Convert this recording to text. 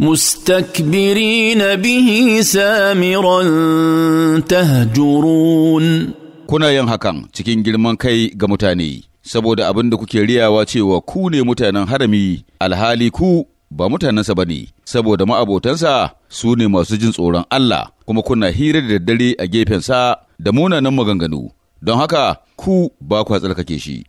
مستكبرين به سامرا تهجرون kuna yin hakan cikin girman kai ga mutane saboda abin da kuke riyawa cewa ku ne mutanen harami alhali ku ba mutanensa ba ne saboda ma'abotansa su ne masu jin tsoron Allah kuma kuna hira da daddare a gefen sa da munanan maganganu don haka ku ba kwa tsarkake shi